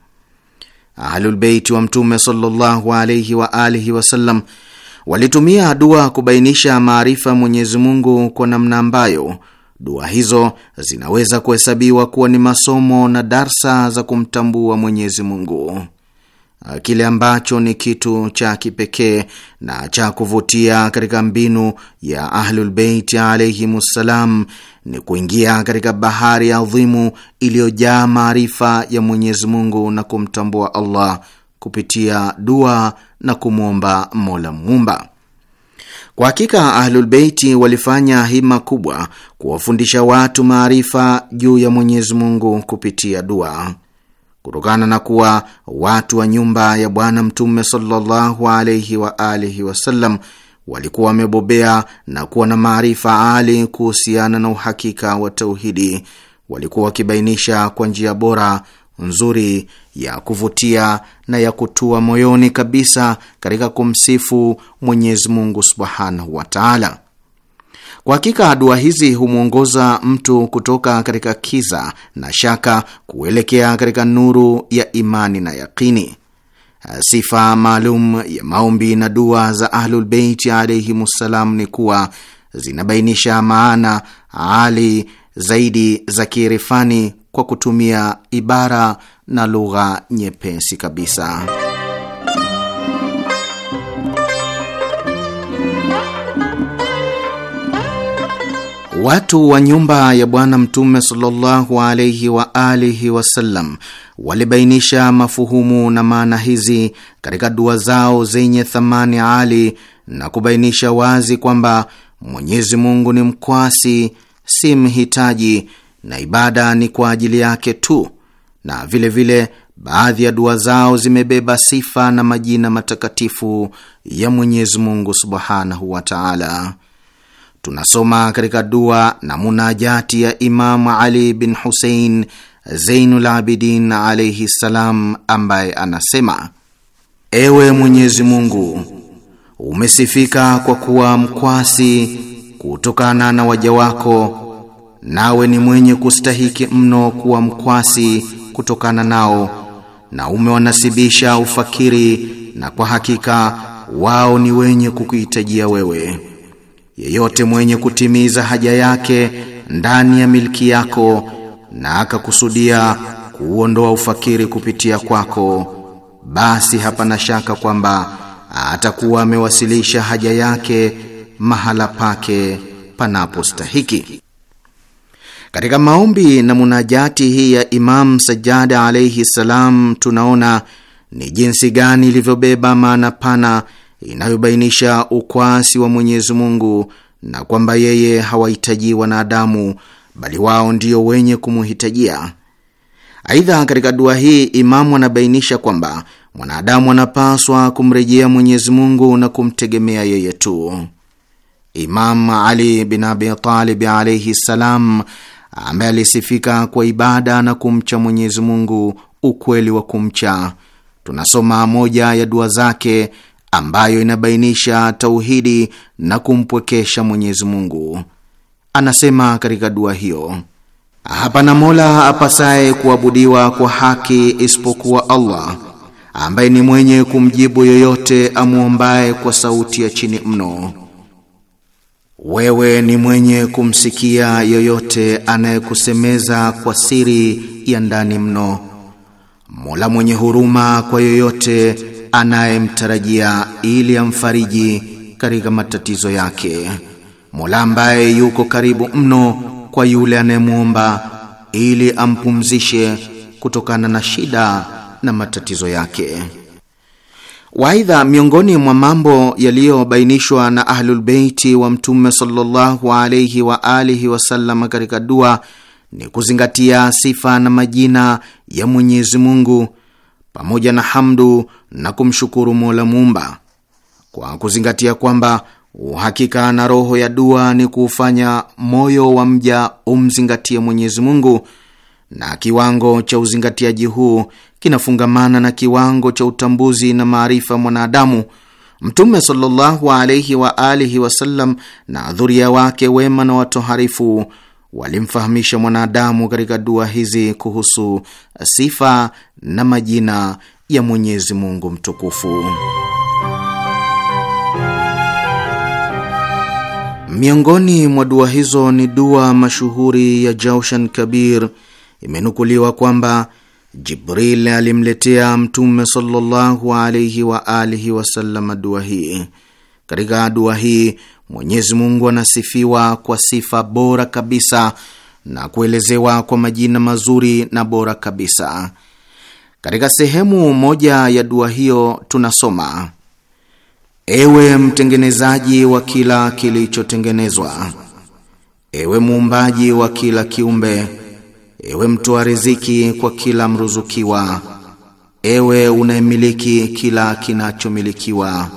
Ahlulbeiti wa Mtume sallallahu alaihi wa alihi wasallam walitumia dua kubainisha maarifa ya Mwenyezi Mungu kwa namna ambayo dua hizo zinaweza kuhesabiwa kuwa ni masomo na darsa za kumtambua Mwenyezi Mungu. Ah, kile ambacho ni kitu cha kipekee na cha kuvutia katika mbinu ya Ahlulbeiti alaihimussalam ni kuingia katika bahari adhimu iliyojaa maarifa ya Mwenyezi Mungu na kumtambua Allah kupitia dua na kumwomba Mola mumba Kwa hakika Ahlulbeiti walifanya hima kubwa kuwafundisha watu maarifa juu ya Mwenyezi Mungu kupitia dua kutokana na kuwa watu wa nyumba ya Bwana Mtume sallallahu alaihi wa alihi wasallam walikuwa wamebobea na kuwa na maarifa ali kuhusiana na uhakika wa tauhidi. Walikuwa wakibainisha kwa njia bora nzuri ya kuvutia na ya kutua moyoni kabisa katika kumsifu Mwenyezi Mungu subhanahu wa taala. Kwa hakika dua hizi humwongoza mtu kutoka katika kiza na shaka kuelekea katika nuru ya imani na yaqini. Sifa maalum ya maombi na dua za Ahlulbeiti alaihimussalam ni kuwa zinabainisha maana ali zaidi za kierefani kwa kutumia ibara na lugha nyepesi kabisa. Watu wa nyumba ya Bwana Mtume sallallahu alaihi wa alihi wasallam walibainisha mafuhumu na maana hizi katika dua zao zenye thamani ali na kubainisha wazi kwamba Mwenyezi Mungu ni mkwasi, si mhitaji, na ibada ni kwa ajili yake tu, na vilevile vile, baadhi ya dua zao zimebeba sifa na majina matakatifu ya Mwenyezi Mungu subhanahu wa taala tunasoma katika dua na munajati ya Imamu Ali bin Husein Zeinul Abidin alaihi ssalam, ambaye anasema: ewe Mwenyezi Mungu, umesifika kwa kuwa mkwasi kutokana na waja wako, nawe ni mwenye kustahiki mno kuwa mkwasi kutokana nao, na umewanasibisha ufakiri, na kwa hakika wao ni wenye kukuhitajia wewe yeyote mwenye kutimiza haja yake ndani ya milki yako na akakusudia kuondoa ufakiri kupitia kwako, basi hapana shaka kwamba atakuwa amewasilisha haja yake mahala pake panapostahiki. Katika maombi na munajati hii ya Imam sajada alaihi salam, tunaona ni jinsi gani ilivyobeba maana pana inayobainisha ukwasi wa Mwenyezi Mungu na kwamba yeye hawahitaji wanadamu bali wao ndio wenye kumuhitajia. Aidha, katika dua hii Imamu anabainisha kwamba mwanadamu anapaswa kumrejea Mwenyezi Mungu na kumtegemea yeye tu. Imam Ali bin Abi Talib alaihi ssalam, ambaye alisifika kwa ibada na kumcha Mwenyezi Mungu ukweli wa kumcha, tunasoma moja ya dua zake ambayo inabainisha tauhidi na kumpwekesha Mwenyezi Mungu. Anasema katika dua hiyo, hapana mola apasaye kuabudiwa kwa haki isipokuwa Allah ambaye ni mwenye kumjibu yoyote amwombaye kwa sauti ya chini mno. Wewe ni mwenye kumsikia yoyote anayekusemeza kwa siri ya ndani mno, mola mwenye huruma kwa yoyote anayemtarajia ili amfariji katika matatizo yake, Mola ambaye yuko karibu mno kwa yule anayemwomba ili ampumzishe kutokana na shida na matatizo yake. Waidha, miongoni mwa mambo yaliyobainishwa na Ahlulbeiti wa Mtume sallallahu alaihi wa alihi wasallam katika dua ni kuzingatia sifa na majina ya Mwenyezi Mungu pamoja na hamdu na kumshukuru Mola Muumba kwa kuzingatia kwamba uhakika na roho ya dua ni kuufanya moyo wa mja umzingatie Mwenyezi Mungu, na kiwango cha uzingatiaji huu kinafungamana na kiwango cha utambuzi na maarifa mwanadamu. Mtume sallallahu alaihi wa alihi wasallam na dhuria wake wema na watoharifu walimfahamisha mwanadamu katika dua hizi kuhusu sifa na majina ya Mwenyezi Mungu mtukufu. Miongoni mwa dua hizo ni dua mashuhuri ya Jaushan Kabir. Imenukuliwa kwamba Jibril alimletea Mtume sallallahu alaihi wa alihi wasallam dua hii. Katika dua hii Mwenyezi Mungu anasifiwa kwa sifa bora kabisa na kuelezewa kwa majina mazuri na bora kabisa. Katika sehemu moja ya dua hiyo tunasoma: Ewe mtengenezaji wa kila kilichotengenezwa, ewe muumbaji wa kila kiumbe, ewe mtoa riziki kwa kila mruzukiwa, ewe unayemiliki kila kinachomilikiwa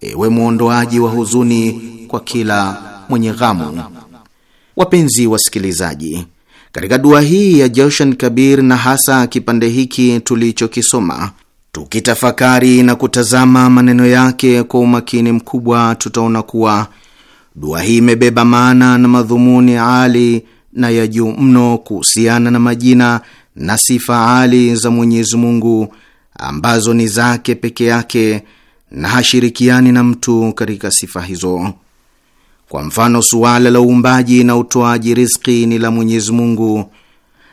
ewe muondoaji wa huzuni kwa kila mwenye ghamu. Wapenzi wasikilizaji, katika dua hii ya Joshan Kabir na hasa kipande hiki tulichokisoma, tukitafakari na kutazama maneno yake kwa umakini mkubwa, tutaona kuwa dua hii imebeba maana na madhumuni ali na ya juu mno kuhusiana na majina na sifa ali za Mwenyezi Mungu ambazo ni zake peke yake na hashirikiani na mtu katika sifa hizo. Kwa mfano, suala la uumbaji na utoaji riziki ni la Mwenyezi Mungu,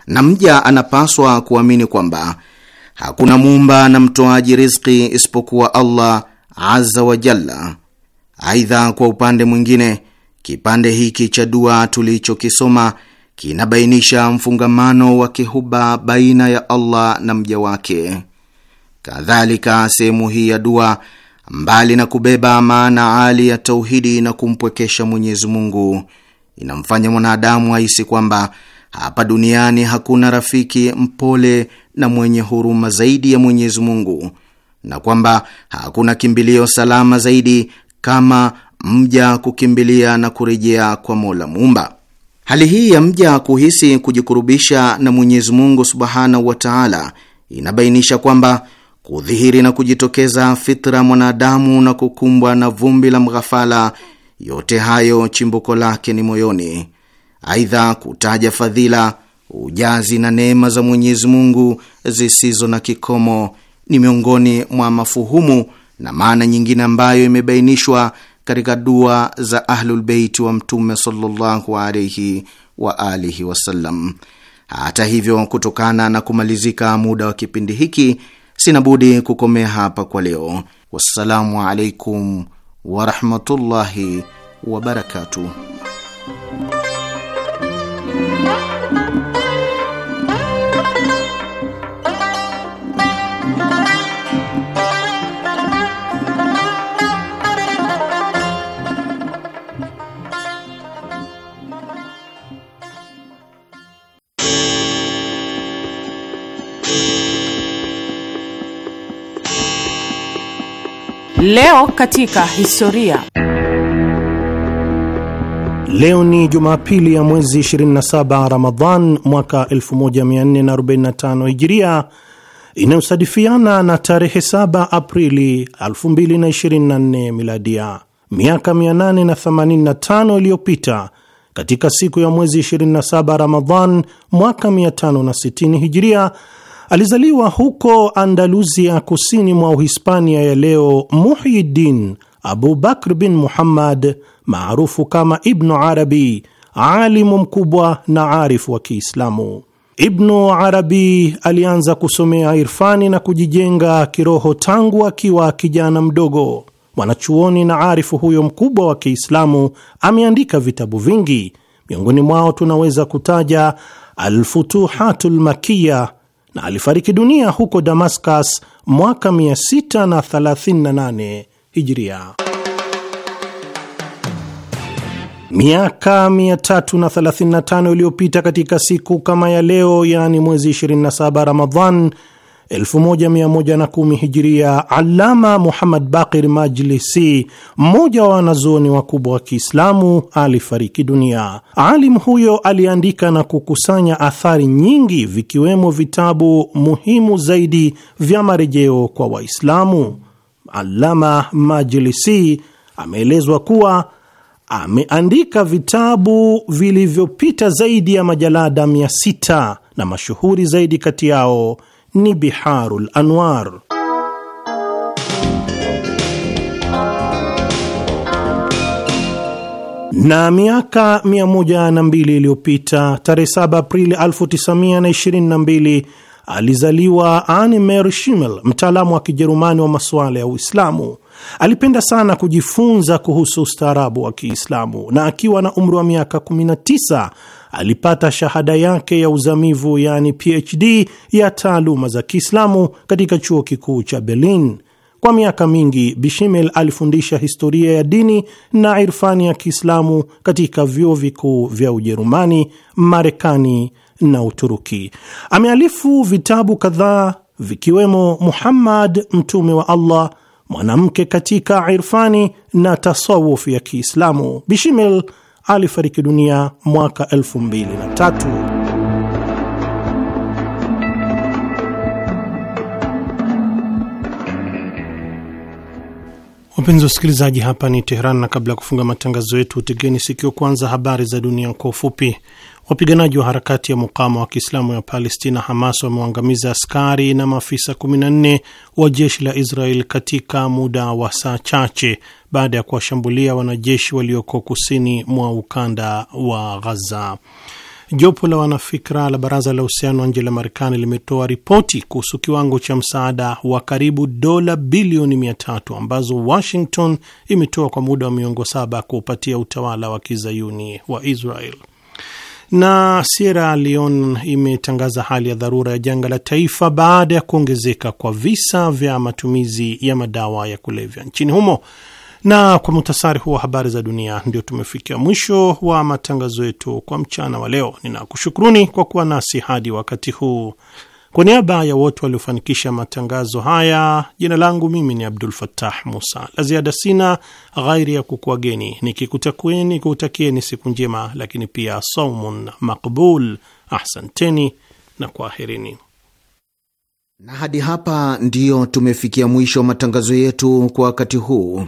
na mja anapaswa kuamini kwamba hakuna muumba na mtoaji riziki isipokuwa Allah azza wa jalla. Aidha, kwa upande mwingine, kipande hiki cha dua tulichokisoma kinabainisha mfungamano wa kihuba baina ya Allah na mja wake. Kadhalika, sehemu hii ya dua mbali na kubeba maana ali ya tauhidi na kumpwekesha Mwenyezi Mungu, inamfanya mwanadamu ahisi kwamba hapa duniani hakuna rafiki mpole na mwenye huruma zaidi ya Mwenyezi Mungu, na kwamba hakuna kimbilio salama zaidi kama mja kukimbilia na kurejea kwa Mola mumba Hali hii ya mja kuhisi kujikurubisha na Mwenyezi Mungu subhanahu wa taala inabainisha kwamba kudhihiri na kujitokeza fitra mwanadamu na kukumbwa na vumbi la mghafala, yote hayo chimbuko lake ni moyoni. Aidha, kutaja fadhila, ujazi na neema za Mwenyezi Mungu zisizo na kikomo ni miongoni mwa mafuhumu na maana nyingine ambayo imebainishwa katika dua za Ahlulbeiti wa Mtume sallallahu alaihi wa alihi wasallam. Hata hivyo, kutokana na kumalizika muda wa kipindi hiki Sina budi kukomea hapa kwa leo. Wassalamu alaikum warahmatullahi wabarakatuh. Leo katika historia. Leo ni Jumapili ya mwezi 27 Ramadhan mwaka 1445 Hijiria, inayosadifiana na tarehe 7 Aprili 2024 Miladia. Miaka 885 iliyopita katika siku ya mwezi 27 Ramadhan mwaka 560 Hijiria Alizaliwa huko Andalusia, kusini mwa Uhispania ya leo, Muhyiddin Abu Bakr bin Muhammad maarufu kama Ibnu Arabi, alimu mkubwa na arifu wa Kiislamu. Ibnu Arabi alianza kusomea irfani na kujijenga kiroho tangu akiwa kijana mdogo. Mwanachuoni na arifu huyo mkubwa wa Kiislamu ameandika vitabu vingi, miongoni mwao tunaweza kutaja Alfutuhatul Makiya na alifariki dunia huko Damascus mwaka 638 Hijria. Miaka 335 iliyopita katika siku kama ya leo, yaani mwezi 27 Ramadhan 1110 hijiria, alama Muhammad Baqir Majlisi, mmoja wa wanazuoni wakubwa wa Kiislamu, alifariki dunia. Alim huyo aliandika na kukusanya athari nyingi, vikiwemo vitabu muhimu zaidi vya marejeo kwa Waislamu. alama Majlisi ameelezwa kuwa ameandika vitabu vilivyopita zaidi ya majalada 6 na mashuhuri zaidi kati yao ni Biharul Anwar. Na miaka 102 iliyopita, tarehe 7 Aprili 1922 alizaliwa Annemarie Schimmel, mtaalamu wa Kijerumani wa masuala ya Uislamu. Alipenda sana kujifunza kuhusu ustaarabu wa Kiislamu, na akiwa na umri wa miaka 19 alipata shahada yake ya uzamivu yani PhD ya taaluma za Kiislamu katika chuo kikuu cha Berlin. Kwa miaka mingi Bishimel alifundisha historia ya dini na irfani ya Kiislamu katika vyuo vikuu vya Ujerumani, Marekani na Uturuki. Amealifu vitabu kadhaa vikiwemo Muhammad mtume wa Allah, mwanamke katika irfani na tasawuf ya Kiislamu. Bishimel alifariki dunia mwaka 2003. Wapenzi wa wasikilizaji, hapa ni Teheran, na kabla ya kufunga matangazo yetu, tegeni sikio kwanza habari za dunia kwa ufupi. Wapiganaji wa harakati ya mukama wa Kiislamu ya Palestina, Hamas, wamewaangamiza askari na maafisa 14 wa jeshi la Israel katika muda wa saa chache baada ya kuwashambulia wanajeshi walioko kusini mwa ukanda wa Ghaza. Jopo la wanafikra la Baraza la Uhusiano wa Nje la Marekani limetoa ripoti kuhusu kiwango cha msaada wa karibu dola bilioni mia tatu ambazo Washington imetoa kwa muda wa miongo saba kuupatia utawala wa kizayuni wa Israel. Na Sierra Leone imetangaza hali ya dharura ya janga la taifa baada ya kuongezeka kwa visa vya matumizi ya madawa ya kulevya nchini humo. Na kwa muhtasari huu wa habari za dunia, ndio tumefikia mwisho wa matangazo yetu kwa mchana wa leo. Ninakushukuruni kwa kuwa nasi hadi wakati huu. Kwa niaba ya wote waliofanikisha matangazo haya, jina langu mimi ni Abdul Fattah Musa. La ziada sina ghairi ya kukuageni kuutakieni siku njema, lakini pia saumun makbul. Ahsanteni na kwaherini. Na hadi hapa ndiyo tumefikia mwisho wa matangazo yetu kwa wakati huu.